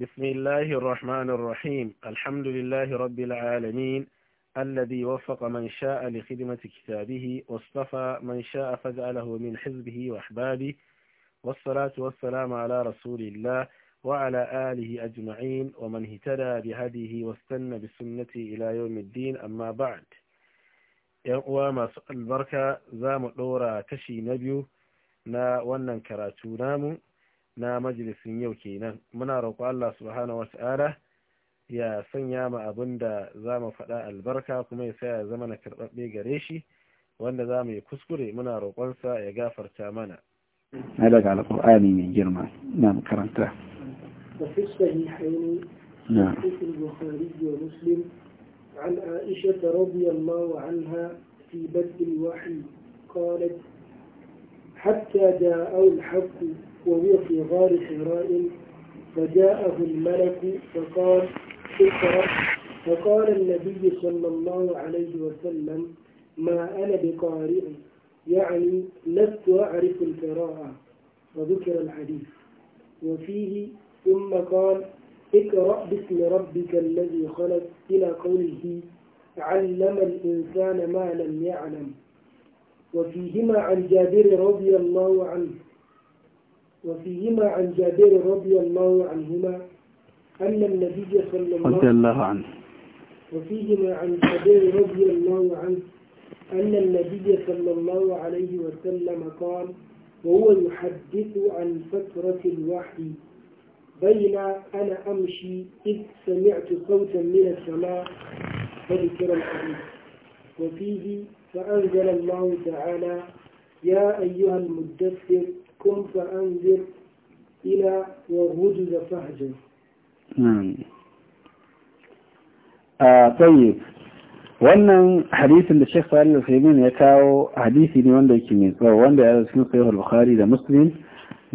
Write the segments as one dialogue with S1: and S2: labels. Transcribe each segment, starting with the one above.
S1: بسم الله الرحمن الرحيم الحمد لله رب العالمين الذي وفق من شاء لخدمة كتابه واصطفى من شاء فجعله من حزبه وأحبابه والصلاة والسلام على رسول الله وعلى آله أجمعين ومن اهتدى بهديه واستنى بسنته إلى يوم الدين أما بعد يقوام البركة زام الأورى تشي نبيو نا ونن كراتو نامو na majalisin yau kenan muna roƙo Allah subhanahu wata'ala ya sanya mu abin da za mu faɗa albarka kuma ya saya zama na karɓaɓɓe gare shi wanda za mu yi kuskure muna roƙonsa ya gafarta mana na daga alƙur'ani mai girma na karanta نعم البخاري
S2: عن عائشة رضي الله عنها في بدء الوحي قالت حتى جاء الحق وهو في غار حراء فجاءه الملك فقال اقرأ فقال النبي صلى الله عليه وسلم ما أنا بقارئ يعني لست أعرف القراءة وذكر الحديث وفيه ثم قال اقرأ باسم ربك الذي خلق إلى قوله علم الإنسان ما لم يعلم وفيهما عن جابر رضي الله عنه وفيهما عن جابر رضي الله عنهما أن النبي صلى الله رضي الله عنه وفيهما عن جابر رضي الله عنه أن النبي صلى الله عليه وسلم قال وهو يحدث عن فترة الوحي بين أنا أمشي إذ سمعت صوتا من السماء فذكر الحديث وفيه فأنزل الله تعالى يا أيها المدثر قم فأنذر إلى والرجز فهجر
S1: نعم آه طيب wannan hadisin da Sheikh Salih Al-Khaymin ya kawo hadisi ne wanda yake mai tsawo wanda ya cikin Sahih Al-Bukhari da Muslim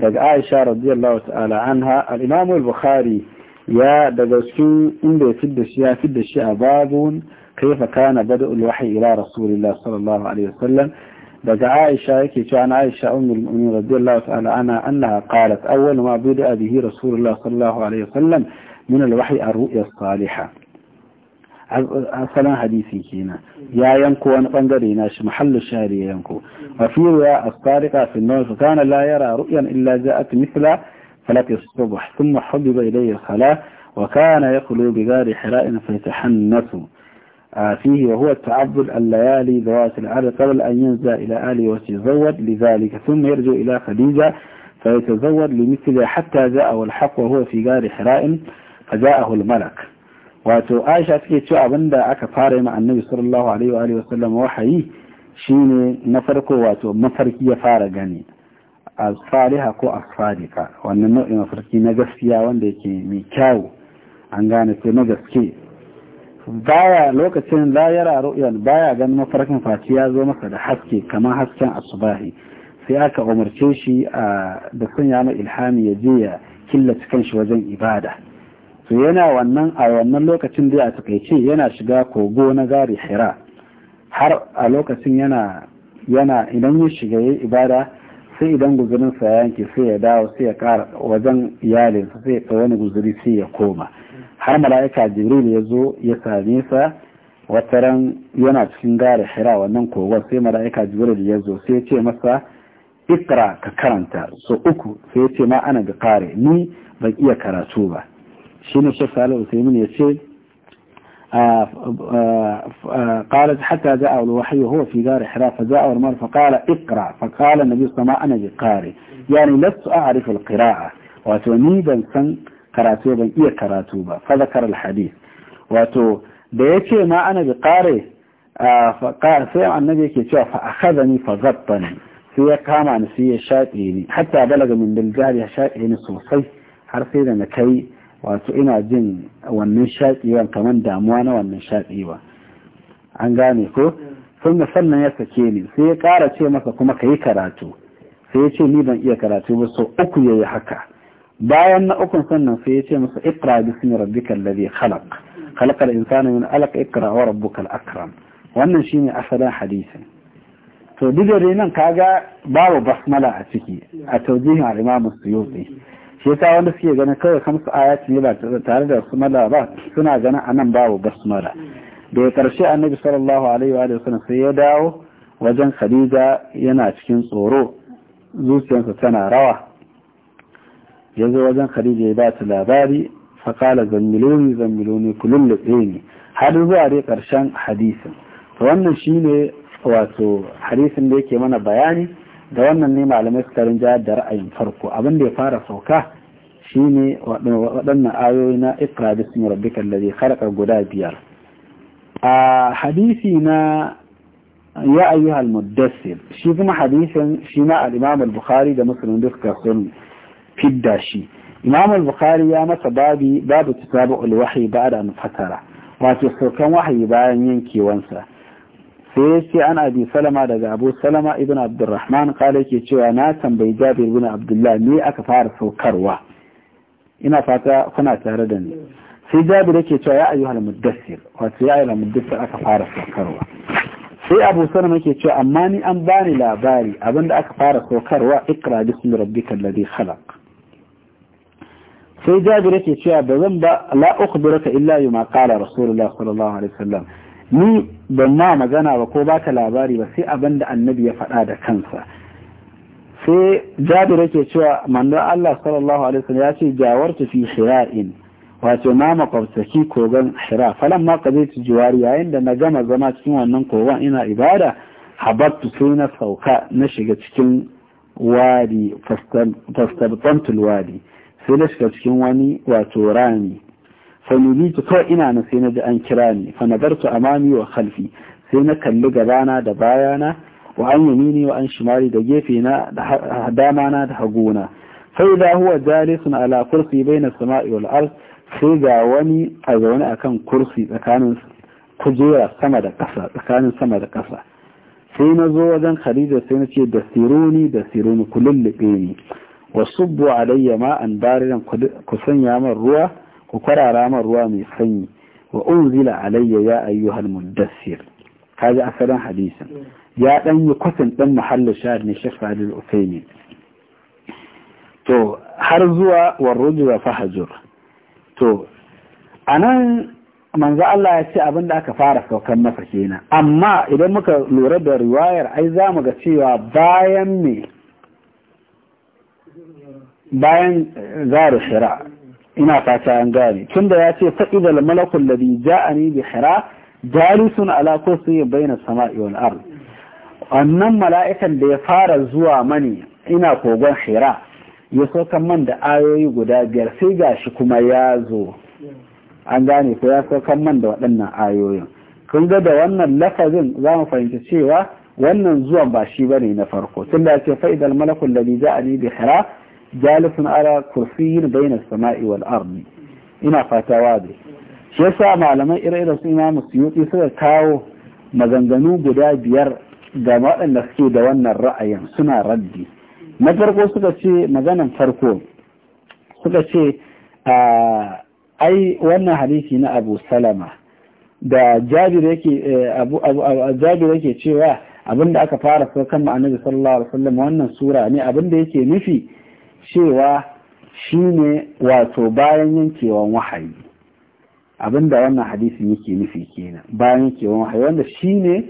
S1: daga Aisha radiyallahu ta'ala anha al-Imam Al-Bukhari ya daga cikin inda ya fidda shi ya fidda shi a babun kaifa kana bada'ul wahyi ila Rasulillah sallallahu alaihi wasallam daga Aisha yake cewa na Aisha ummul mu'minin radiyallahu ta'ala ana annaha qalat awwal ma bida bihi rasulullah sallallahu alaihi wasallam min alwahyi ar-ru'ya as-salihah asalin hadisi kenan ya yanko wani bangare na shi mahallu shari ya yanko wa fi ruya as-sariqa fi an-nawm kana la yara ru'yan illa ja'at mithla فلك الصبح ثم حبب إليه الخلاء وكان يخلو بغار حراء فيتحنث آه، فيه وهو التعبد الليالي ذوات العرض قبل أن ينزل إلى آله وسيزود لذلك ثم يرجو إلى خديجة فيتزود لمثل حتى جاء الحق وهو في غار حراء فجاءه الملك واتو آيشة تكيت شو أبندا أكا فاري النبي صلى الله عليه وآله وسلم وحيي شيني نفركو واتو مفركية فارة غني أصفالها كو أصفالك وأن النوع مفركي نجسيا وندكي ميكاو عن غانتي نجسكي baya lokacin la yara ru'yan baya ganin mafarkin faci ya zo masa da haske kamar hasken asubahi sai aka umarce shi da sanya mai ilhami ya je ya killace kanshi wajen ibada to yana wannan a wannan lokacin da a takaice yana shiga kogo na gari hira har a lokacin yana yana idan ya shiga yayi ibada sai idan guzurin sa yanke sai ya dawo sai ya kara wajen iyalinsa sai ya wani guzuri sai ya koma har mala'ika jibril ya zo ya same sa wataran yana cikin gare hira wannan kogon sai mala'ika jibril ya zo sai ce masa ikra ka karanta so uku sai ya ce ma ana ga kare ni ban iya karatu ba shi ne shi salu mun ya ce قالت حتى جاء الوحي وهو في دار حراء فجاء المرء فقال اقرا فقال النبي صلى الله عليه وسلم انا بقارئ يعني لست أعرف القراءة وتنيدا سن karatu ban iya karatu ba fa zakar alhadith wato da ce ma ana bi qare sai annabi yake cewa fa akhadhani fa zabbani sai ya kama ni sai ya shaƙe ni hatta balaga min biljari ya shaƙe ni sosai har sai da na kai wato ina jin wannan shaƙewan kamar damuwa na wannan shaƙewa an gane ko sun sannan ya sake ni sai ya ƙara ce masa kuma ka yi karatu sai ya ce ni ban iya karatu ba so uku ya yi haka bayan na ukun sannan sai ya ce musu ikra bismi rabbikal ladhi khalaq khalaqal insana min alaq ikra wa rabbukal akram wannan shine asalin hadisin to duk da nan kaga babu basmala a ciki a tawjihin al-imam suyuti shi yasa wanda suke ganin kawai kamsu ayati ne ba tare da basmala ba suna ganin anan babu basmala da karshe annabi sallallahu alaihi wa sallam sai ya dawo wajen khadija yana cikin tsoro zuciyarsa tana rawa ya wajen khadija ya ba ta labari faƙala zammiloni zammiloni ku lullube har zuwa dai ƙarshen hadisin to wannan shine wato hadisin da yake mana bayani da wannan ne malamai suka rinja da ra'ayin farko abin da ya fara sauka shine waɗannan ayoyi na ikra bismi rabbika allazi khalaqa guda biyar a hadisi na ya ayyuhal muddassir shi kuma hadisin shi ma al-imam al-bukhari da muslim duka sunni fidda shi imam al-bukhari ya masa babi babu tatabu'ul wahyi ba'da an fatara wato saukan wahayi bayan yankewansa sai sai an abi salama daga abu salama ibn abdurrahman kala yake cewa na tambayi jabir ibn abdullah me aka fara saukarwa ina fata kuna tare da ni sai jabir yake cewa ya ayyuhal muddassir wato ya ayyuhal muddassir aka fara saukarwa sai abu salama yake cewa amma ni an bani labari abinda aka fara saukarwa ikra bismi rabbikal ladhi khalaq sai jabir yake cewa ba zan ba la ukhbiraka illa bima qala rasulullah sallallahu alaihi wasallam ni ban ma magana ba ko baka labari ba sai abinda annabi ya faɗa da kansa sai jabir yake cewa manzon Allah sallallahu alaihi wasallam ya ce jawartu fi shira'in wato na makwabtaki kogon shira falan ma qadaitu jiwari yayin da na gama zama cikin wannan kogon ina ibada habattu sai na sauka na shiga cikin wadi fastabtantul wadi sai na shiga cikin wani wato rami fa nubitu kawai ina na sai na ji an kira ni fa nadartu amami wa khalfi sai na kalli gabana da bayana wa an yamini wa an shimali da gefe na da dama na da hagona sai da huwa jalisun ala kursi baina sama'i wal ard sai ga wani a zaune akan kursi tsakanin kujera sama da ƙasa tsakanin sama da ƙasa sai na zo wajen khadija sai na ce da siruni da siruni ku lullube ni wasubbu alayya ma'an baridan ku sanya man ruwa ku kwarara man ruwa mai sanyi wa unzila alayya ya ayyuhal muddassir kaji asalin hadisin ya dan yi kwatin dan muhallin shahid ne shekh Fadil to har zuwa warrujura fahajur to anan manzo Allah ya ce abinda aka fara saukan masa kenan amma idan muka lura da riwayar ai za mu ga cewa bayan me bayan eh, zaru hira ina fata an gane tunda ya ce fa'idal malakul ladhi ja'ani bi hira jalisun ala yi bayna sama'i wal ard wannan mala'ikan da ya fara zuwa mani ina kogon hira ya kan man da ayoyi guda biyar sai gashi kuma ya zo an gane ko ya kan man da waɗannan ayoyin kun ga da wannan lafazin za mu fahimci cewa wannan zuwan ba shi bane na farko tunda ya ce fa'idal malakul ladhi ja'ani bi hira jalisun ala kursiyin bayna sama'i wal ardi ina fata wazi shi yasa malaman ire-iren su imamu suyuti suka kawo maganganu guda biyar ga waɗanda suke da wannan ra'ayin suna raddi na farko suka ce maganan farko suka ce ai wannan hadisi na abu salama da jabir yake abu jabir yake cewa abinda aka fara saukan ma'anabi sallallahu alaihi wasallam wannan sura ne abinda yake nufi cewa shi ne wato bayan yankewan wahayi abinda wannan hadisin yake nufi kenan bayan yankewan wahayi wanda shi ne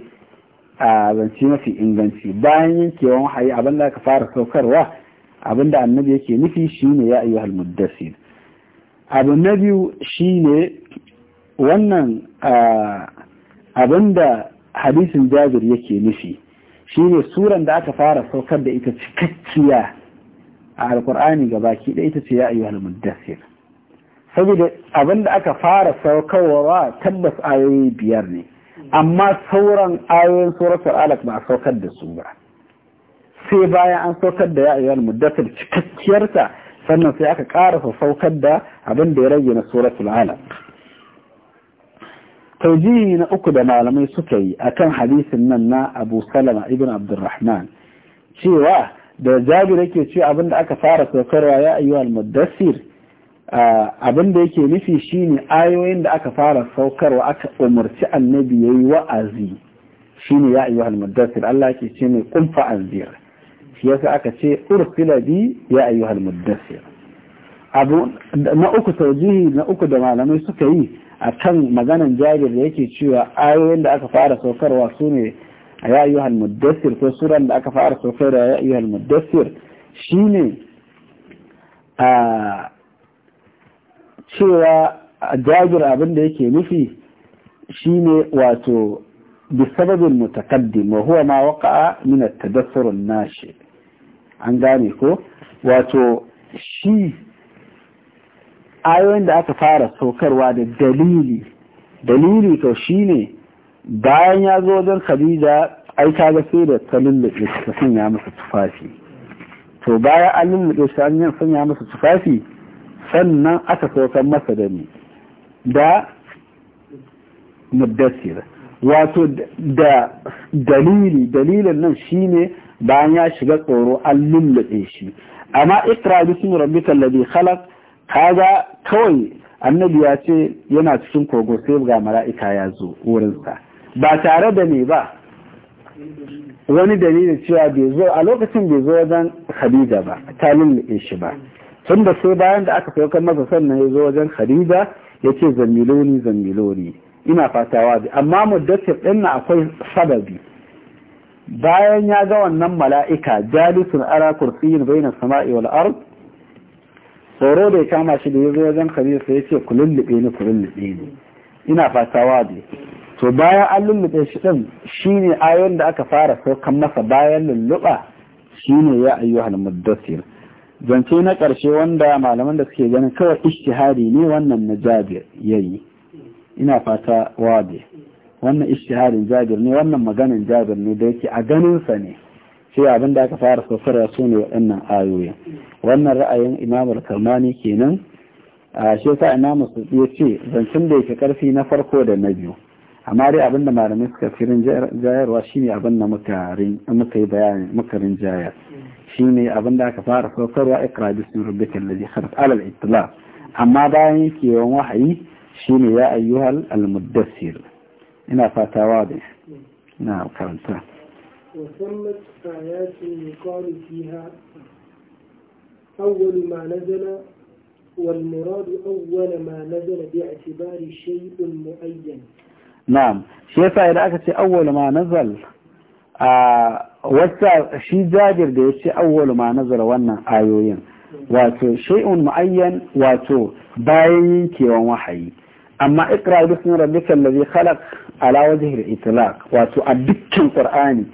S1: a zance mafi inganci bayan yankewan wahayi abinda aka fara saukarwa abinda annabi yake nufi shi ne ya ayyuhal muddassir abu na biyu shi ne wannan abinda hadisin jabir yake nufi shi ne suran da aka fara saukar da ita cikakkiya a alkur'ani ga baki ɗaya ita ce ya ayyuhal muddassir saboda abin da aka fara saukarwa tabbas ayoyi biyar ne amma sauran ayoyin suratul alaq ba a saukar da su ba sai bayan an saukar da ya ayyuhal muddassir cikakkiyarta sannan sai aka karasa saukar da abin da ya rage na suratul alaq taujihi na uku da malamai suka yi akan hadisin nan na Abu Salama ibn Abdurrahman cewa da jabir yake ce abin da aka fara saukarwa ya ayyuha al-muddassir abin yake nufi shine ayoyin da aka fara saukarwa aka umurci annabi yayi wa'azi shine ya ayyuha al-muddassir Allah yake ce mai qum anzir shi yasa aka ce ursila bi ya ayyuha al-muddassir abu na uku tawjihi na uku da malamai suka yi akan maganan jabir da yake cewa ayoyin da aka fara saukarwa sune ya ayyuhal muddassir sai suran da aka fara sosai da ya ayyuhal muddassir shine a cewa jabir abin da yake nufi shine wato bisababin mutakaddim wa huwa ma waqa'a min at-tadassur nashi an gane ko wato shi ayoyin da aka fara saukarwa da dalili dalili to shine bayan ya zo wajen khadija ai ta ga sai da ta lullube ta sanya masa tufafi to bayan an da shi an sanya masa tufafi sannan aka saukan masa da ni da muddassir wato da dalili dalilin nan shine bayan ya shiga tsoro an lulluɗe shi amma ikra bismi rabbika alladhi khalaq kaga kawai annabi ya ce yana cikin kogo sai ga mala'ika ya zo wurinsa ba tare da ne ba wani dalilin cewa bai zo a lokacin bai zo wajen khadija ba ta lullube shi ba tun da sai bayan da aka saukar masa sannan ya zo wajen khadija ya ce zammiloni zammiloni ina fatawa bi amma muddatir din na akwai sababi bayan ya ga wannan mala'ika jalisun ala kursiyin baina sama'i wal ard tsoro da ya kama shi da ya zo wajen khadija sai ya ce ku lullube ni ku lullube ni ina fatawa bi to bayan an lullube shi din shine ayon da aka fara saukan masa bayan lulluba shine ya ayyuhal muddathir zance na ƙarshe wanda malaman da suke ganin kawai ishtihari ne wannan na jabir yayi ina fata wabe wannan ishtiharin jabir ne wannan maganin jabir ne da yake a ganinsa ne sai abin da aka fara sosar su ne waɗannan ayoyi wannan ra'ayin imamul kalmani kenan a shi yasa imamu su ce zancen da yake karfi na farko da na biyu أماري أبننا ما لم يذكر كرين جاير وشيني أبننا متعارين متعي بياني مكرين جاير شيني أبننا كفار فوقر وإقرأ باسم ربك الذي خلق على الإطلاق أما باني في يوم وحي شيني يا أيها المدسر إنا فاتا واضح نعم كرمتا
S2: وثمت آيات يقال فيها أول ما نزل والمراد أول ما نزل باعتبار شيء معين
S1: نعم شيسا إذا أكتش أول ما نزل آه، وشا شي جاجر دي وشي أول ما نزل وانا آيوين واتو شيء معين واتو باين كي ومحي أما اقرأ باسم ربك الذي خلق على وجه الإطلاق واتو أبك القرآن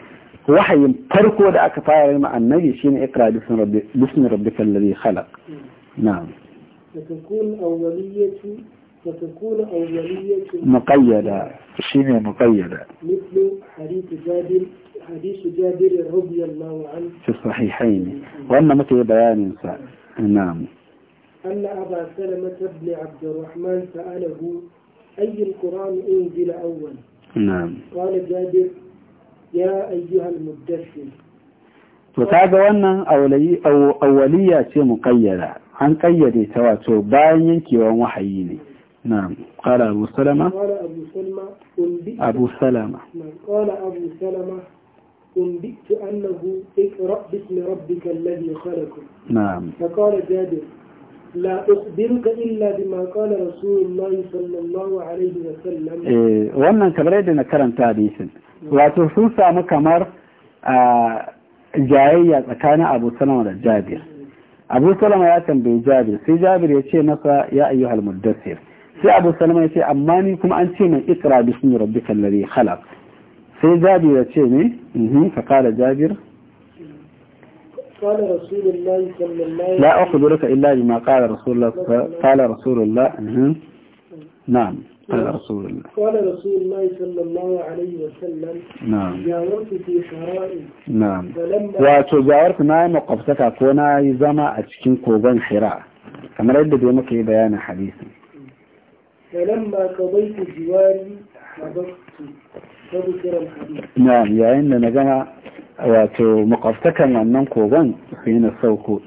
S1: وحي تركو دا أكفاير مع النبي شين اقرأ باسم ربك, باسم ربك الذي خلق نعم
S2: ستكون أولية وتكون أولية مقيدة
S1: السينة مقيدة
S2: مثل حديث جابر حديث جابر رضي الله عنه
S1: في الصحيحين وأن مثل بيان نعم
S2: أن أبا سلمة بن عبد الرحمن سأله أي القرآن أنزل أول نعم قال جابر يا أيها المدثر
S1: وتابع أن أولية أو أولية مقيدة عن قيدي wato bayan yankewan wahayi نعم قال أبو سلمة قال
S2: أبو سلمة أبو سلمة نعم قال أبو سلمة أنبئت أنه اقرأ باسم ربك الذي خلقك نعم فقال جابر لا أخبرك إلا بما قال رسول الله صلى الله عليه وسلم إيه
S1: وأنا كبريد أن كرمت حديثا نعم. وتخصوصا مكمر آه، جاية كان أبو سلمة جابر أبو سلمة يأتي جابر في جابر يتشي نصر يا أيها المدثر sai abu salama ya ce amma ni kuma an ce min ikra bismi rabbikal ladhi khalaq sai jabir ya ce ne mhm fa qala jabir
S2: قال رسول الله صلى الله عليه وسلم لا
S1: أخبرك إلا بما قال رسول الله قال رسول الله نعم قال رسول الله
S2: قال رسول الله صلى الله عليه وسلم نعم جاورت في حرائي نعم wato
S1: jawarta na yi makwabtaka ko na yi zama a cikin kogon shira kamar yadda bai muka yi bayanin hadisi
S2: فلما قضيت جواري حضرت تذكر الحديث
S1: نعم يا إن نجمع wato makwabtakan wannan kogon sai na sauko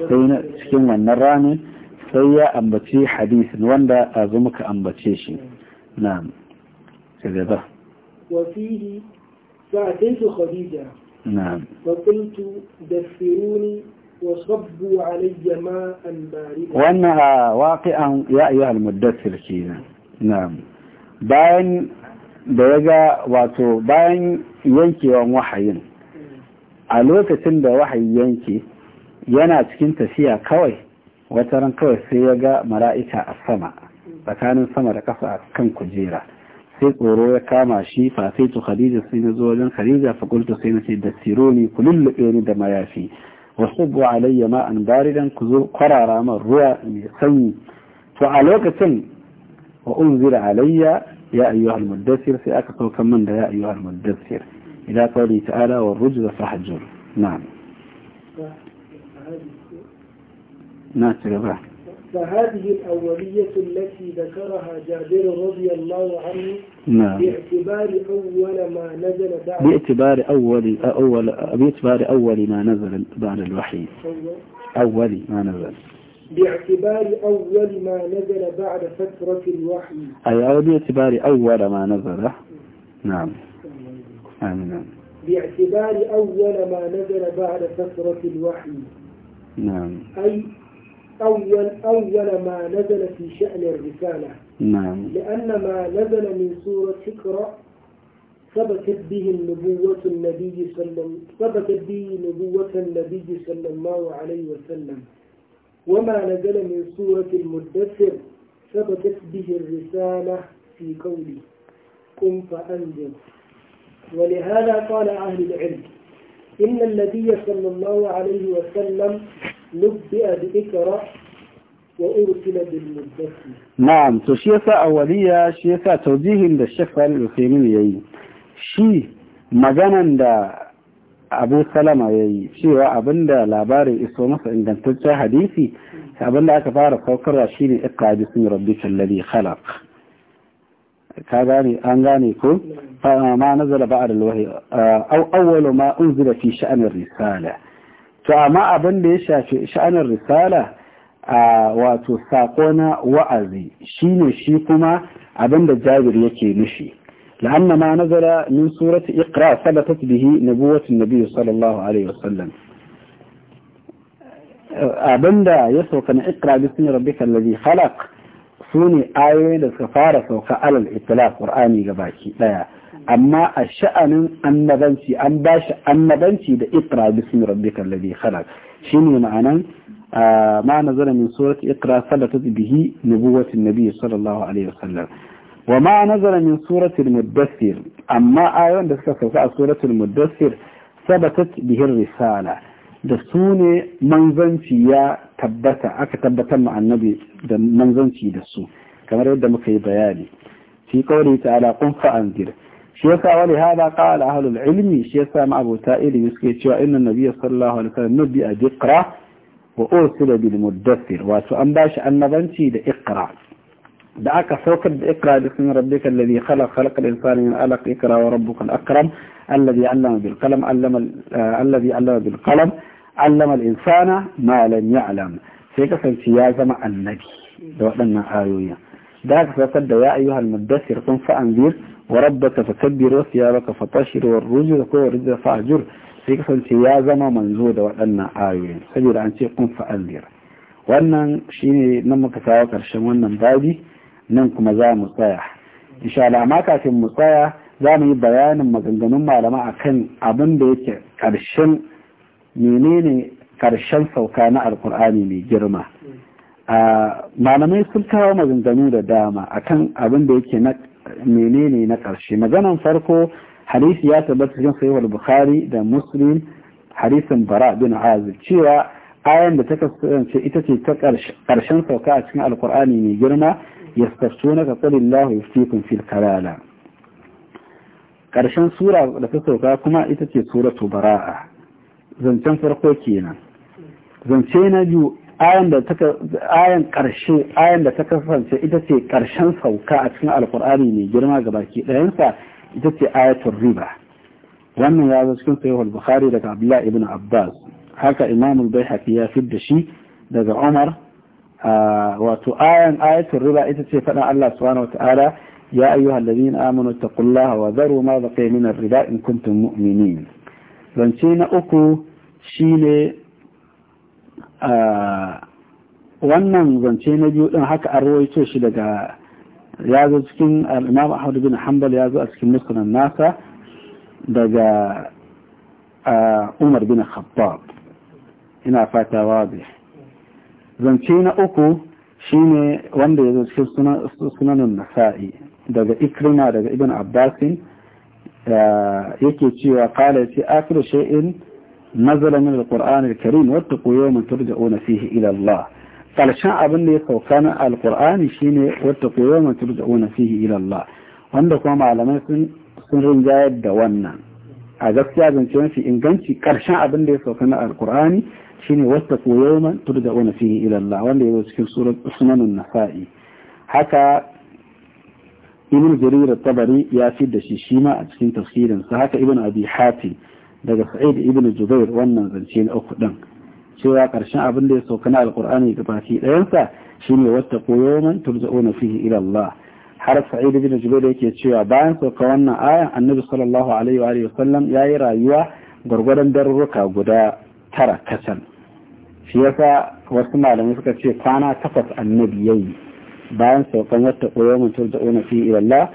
S1: sai ya ambace hadisin wanda a zo ambace shi
S2: وفيه ساعتين خديجة نعم فقلت دفروني وصبوا علي ماء
S1: باردا وأنها واقعا يا أيها المدثر كينا نعم باين da ya ga wato bayan yankewan wahayin a lokacin da wahayi yanke yana cikin tafiya kawai wata ran kawai sai ya ga mara'ika a sama tsakanin sama da kasa kan kujera sai tsoro ya kama shi fa sai to khadija sai na zo wajen khadija fa kultu sai na ce da sironi ku lullube ni da mayafi وصب علي ماء باردا كذو قرار ما رؤى يسوي فعلوك سن وأنزل علي يا أيها المدثر في سأكتوك من يا أيها المدثر إلى قوله تعالى والرجل فحجر نعم ناتر بعد
S2: فهذه الأولية التي ذكرها جابر رضي الله عنه نعم. باعتبار أول ما نزل بعد باعتبار
S1: أول أول باعتبار أول ما نزل بعد الوحي أول ما نزل
S2: باعتبار أول ما نزل بعد فترة الوحي
S1: أي باعتبار أول ما نزل نعم آمين
S2: باعتبار أول ما نزل بعد فترة الوحي نعم أي أول أول ما نزل في شأن الرسالة نعم لأن ما نزل من سورة اقرأ ثبتت به النبوة النبي صلى ثبتت به نبوة النبي صلى الله عليه وسلم وما نزل من سورة المدثر ثبتت به الرسالة في قوله قم فأنذر ولهذا قال أهل العلم إن النبي صلى الله عليه وسلم نبئ بإكرة وأرسل بالمدسل
S1: نعم تشيثة أولية شيثة توجيه عند الشيخ الوثيمي شي مجانا عند أبو سلمة يي شي وأبن دا لاباري إسومس عند تلتا حديثي أبندا دا أكفار شيلي شيني إقع باسم ربك الذي خلق كاغاني أنغاني كو نعم. فما نزل بعد الوحي آه، أو أول ما أنزل في شأن الرسالة to amma abin da ya shafi sha'anar risala a wato saƙo na wa'azi shine shi kuma abin da jabir yake nushi لأن ما نزل من سورة إقراء ثبتت به نبوة النبي صلى الله عليه وسلم أبندا يسوق أن إقرأ باسم ربك الذي خلق سوني آيوين لسكفارة وكأل الإطلاق قرآني قباكي لا amma a sha'anin annabanci an ba shi annabanci da ikra bismi rabbikal ladhi khalaq shine ma'anan ma nazara min surati ikra sallatat bihi nubuwwati nabi sallallahu alaihi wasallam wa ma nazara min surati al-mudaththir amma ayoyin da suka sauka a surati al-mudaththir sabatat bihi risala da su ne manzanci ya tabbata aka tabbatar ma annabi da manzanci da su kamar yadda muka yi bayani fi qawli ta'ala qum fa'anzir شيسا ولهذا قال أهل العلم شيخ مع أبو تائل يسكيت وإن النبي صلى الله عليه وسلم نبي أدقرة وأرسل بالمدثر وسأنباش النبنتي لإقرة دعك فوكب بإقرة باسم ربك الذي خلق خلق الإنسان من ألق إقرة وربك الأكرم الذي علم بالقلم علم آه، الذي علم بالقلم علم الإنسان ما لم يعلم سيكا سنسيا زمع النبي دعنا آيوية دعك فوكر يا أيها المدثر كن فأنذير وربك فكبر وثيابك فطشر والرجل والرجل فاهجر sai kasance ya zama manzo da waɗannan ayoyin saboda an ce kun fa'allir wannan shine nan muka kawo ƙarshen wannan babi nan kuma za mu tsaya insha Allah amma kafin mu tsaya za mu yi bayanin maganganun malama akan abin da yake karshen menene karshen sauka na alkur'ani mai girma malamai sun kawo maganganu da dama akan abin da yake na menene na ƙarshe maganan farko hadisi ya tabbata cikin sahih al-bukhari da muslim hadisin bara bin azib cewa ayan da ta kasance ita ce ta ƙarshen sauka a cikin alkur'ani mai girma yastaftunaka qulillahu yuftikum fil kalala ƙarshen sura da ta sauka kuma ita ce suratu bara'a zancen farko kenan zance na biyu ayan da ta ayan karshe ayan da ta kasance ita ce karshen sauka a cikin alkur'ani mai girma ga baki ɗayansa ita ce ayatul riba wannan ya zo cikin sahih al-bukhari daga abdullah ibn abbas haka imam al-baihaqi ya fidda shi daga umar wato ayan ayatul riba ita ce faɗin Allah subhanahu wataala ya ayyuhal ladina amanu taqullaha wa dharu ma baqiya min ar-riba in kuntum mu'minin zance na uku shine Ah, wannan zance na biyu din haka an rawaito shi daga ya zo cikin imam ahmad bin hanbal ya zo a cikin nasa daga ah, umar bin khattab ina fata wazi zance na uku shine wanda ya zo cikin sunanin nasa'i daga ikrima daga ibn abbasin ah, yake cewa kala ce afiru shay'in نزل من القرآن الكريم واتقوا يوما ترجعون فيه إلى الله قال شاء أبن لي فوقنا القرآن شيني واتقوا يوما ترجعون فيه إلى الله وندقوم على مثل سنرن جايد دوانا أذكت يا ابن في إنجانتي قال شاء أبن لي فوقنا القرآن شيني واتقوا يوما ترجعون فيه إلى الله وندي يذكر سورة أسنان النفائي حتى ابن جرير الطبري ياسيد الشيشيمة أتكين تفكيرا فهكا ابن أبي حاتم daga sa'id ibn jubair wannan zance na uku din cewa karshen abin da ya sauka na alqur'ani ga baki ɗayansa shine wattaqu yawman turja'una fihi ila Allah har sa'id ibn jubair yake cewa bayan sauka wannan aya annabi sallallahu alaihi wa alihi wasallam yayi rayuwa gwargwadon darurruka guda tara kacal shi yasa wasu malamai suka ce kwana takwas annabi yayi bayan saukan wata koyo mutum da ona fi ilallah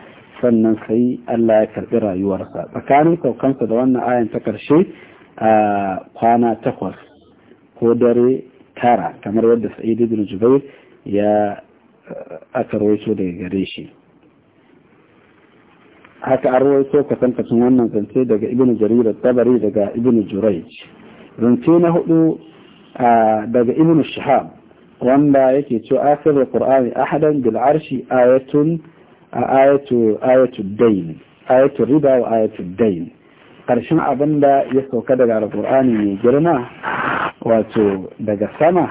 S1: sannan sai Allah ya karɓi rayuwarsa tsakanin saukansa da wannan ayan ta karshe a kwana takwas ko dare tara kamar yadda sa'id ibn jubair ya aka rawaito daga gare shi haka an rawaito kasankacin wannan zance daga ibn jarir tabari daga ibn jurayj zance na hudu daga ibn shahab wanda yake cewa akhir qur'ani ahadan bil arshi ayatun a ayatu dain ayatu riba wa ayatu dain karshen abin da ya sauka daga alƙur'ani mai girma wato daga sama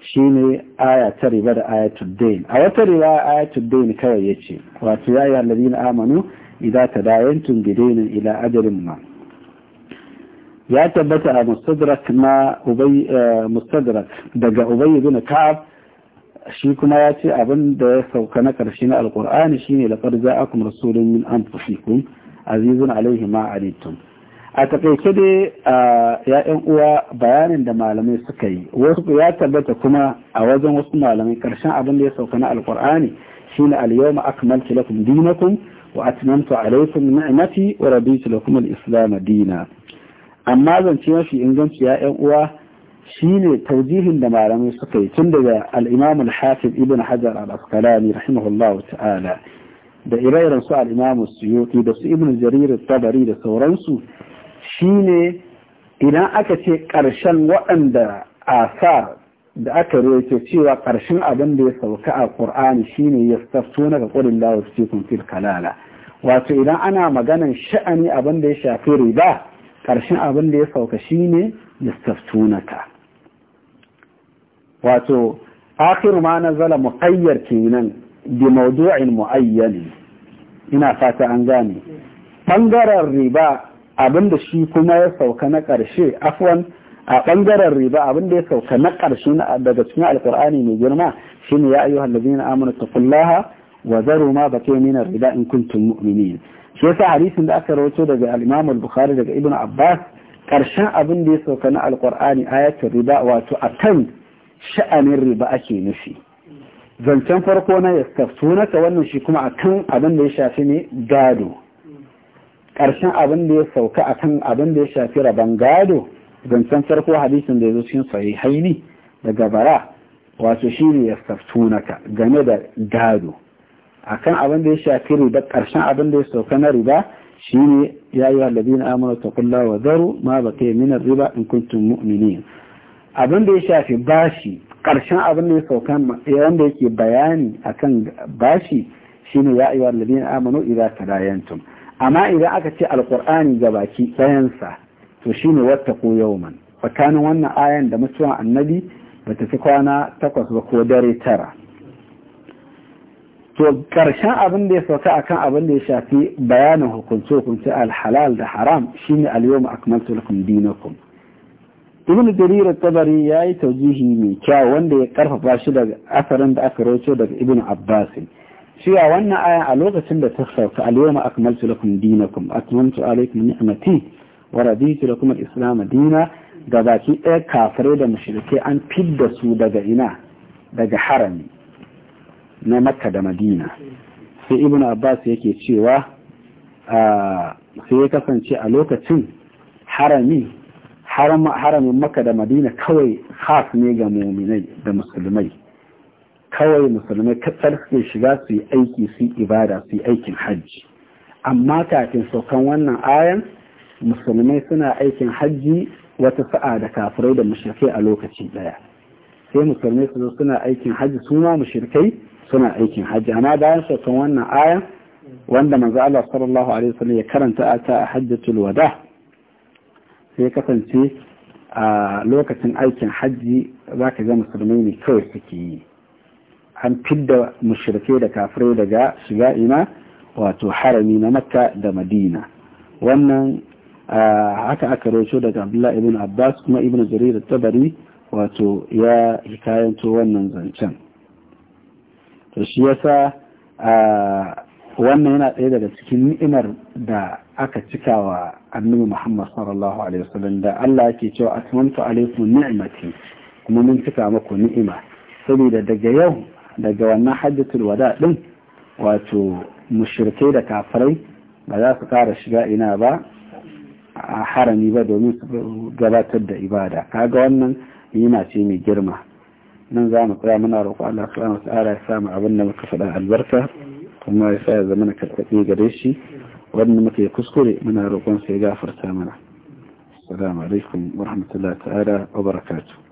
S1: shine aya ta riba da ayatu dain a wata riba ayatu dain kawai yace wato ya yi alladina amanu idza tadayantum bidainin ila ajalin ma ya tabbata a mustadrak na ubay eh, mustadrak daga ubay bin ka'ab shi kuma ya ce abin da ya sauka na ƙarshe na alƙur'ani shine a ja'akum rasulun min anfusikum azizun alaihi ma anittum a takaice dai ya'yan uwa bayanin da malamai suka yi wasu ya tabbata kuma a wajen wasu malamai ƙarshen abin da ya sauka na alkur'ani shine al-yawma akmaltu lakum dinakum wa atmamtu alaykum ni'mati wa raditu lakum al-islam dina amma zance mafi inganci ya'yan uwa shine taujihin da malamai suka yi tun daga al-imam al-hafiz ibn hajar al-asqalani rahimahullahu ta'ala da irairan su al-imam suyuti da su ibn jarir tabari da sauransu shine idan aka ce ƙarshen waɗanda asar da aka rawaito cewa ƙarshen abin da ya sauka a Qur'ani shine ya tsafto na ga qulil la fil kalala wato idan ana maganan sha'ani abin da ya shafi riba karshen abin da ya sauka shine ya wato akhiru ma zala muqayyar kenan bi mawdu'in muayyan ina fata an gane bangaren riba abinda shi kuma ya sauka na karshe afwan a bangaren riba abinda ya sauka na karshe daga cikin alqur'ani mai girma shine ya ayyuhal ladina amanu taqullaha wa zaru ma baqiya min riba in kuntum mu'minin shi yasa hadisin da aka rawaito daga al-Imam al-Bukhari daga ibnu Abbas karshen abin da ya sauka na alqur'ani ayatul riba wato akan sha'anin riba ake nufi zancen farko na ta wannan shi kuma akan abin da ya shafi ne gado ƙarshen abin da ya sauka akan abin da ya shafi rabon gado zancen farko hadisin da ya zo cikin haini daga bara wato shi ne yastaftunaka game da gado akan abin da ya shafi riba ƙarshen abin da ya sauka na riba shi ne ya yi wa ladina amurata kullawa zaru ma ba ta yi riba in kuntum mu'minin abin da ya shafi bashi ƙarshen abin da ya sauka eh, wanda yake bayani akan bashi shine ya ayyuha alladhina amanu idza tadayantum amma idan aka ce alqur'ani ga baki ɗayansa to shine wattaqu yawman tsakanin wannan ayan da mutuwa annabi bata fi kwana takwas ba ko dare tara to karshen abin da ya sauka akan abin da ya shafi bayanin hukunce hukunce alhalal da haram shine al-yawma akmaltu lakum ibn jarir tabari ya yi taujihi mai kyau wanda ya karfafa shi daga asarin da aka rawaito daga ibn abbas cewa wannan aya a lokacin da ta sauka al-yawma akmaltu lakum dinakum atmamtu alaykum ni'mati wa raditu lakum al-islam dina da baki ɗaya kafare da mushrike an fidda su daga ina daga harami na makka da madina sai ibn abbas yake cewa ah, sai ya kasance a lokacin harami haramin maka da madina kawai khas ne ga muminai da musulmai kawai musulmai kasar suke shiga su yi aiki su yi ibada su yi aikin hajji amma kafin saukan wannan ayan musulmai suna aikin hajji wata sa'a da kafirai da mushrikai a lokaci daya sai musulmai su suna aikin hajji su ma mushrikai suna aikin hajji amma bayan saukan wannan ayan wanda manzo Allah sallallahu alaihi wasallam ya karanta ta a hajjatul wada' sai kasance a lokacin aikin hajji za ka ga musulmai ne kawai suke yi an fidda mushrikai da kafirai daga shiga ina wato harami na makka da madina wannan haka aka roce daga abdullah ibn abbas kuma ibn jarir tabari wato ya hikayanto wannan zancen to shi yasa wannan yana ɗaya daga cikin ni'imar da aka cika wa annabi Muhammad sallallahu alaihi wasallam da Allah yake cewa asmantu alaikum ni'mati kuma mun cika muku ni'ima saboda daga yau daga wannan hajjatul wada din wato mushrikai da kafirai ba za su kara shiga ina ba a harami ba domin su gabatar da ibada kaga wannan yana ce mai girma nan za mu tsaya muna roƙo Allah subhanahu wa ta'ala ya samu abin da muka faɗa albarka kuma ya sa ya zama na karkaɗe gare shi wanda muka yi kuskure muna roƙon sai gafarta mana assalamu alaikum wa rahmatullahi ta'ala wa barakatuh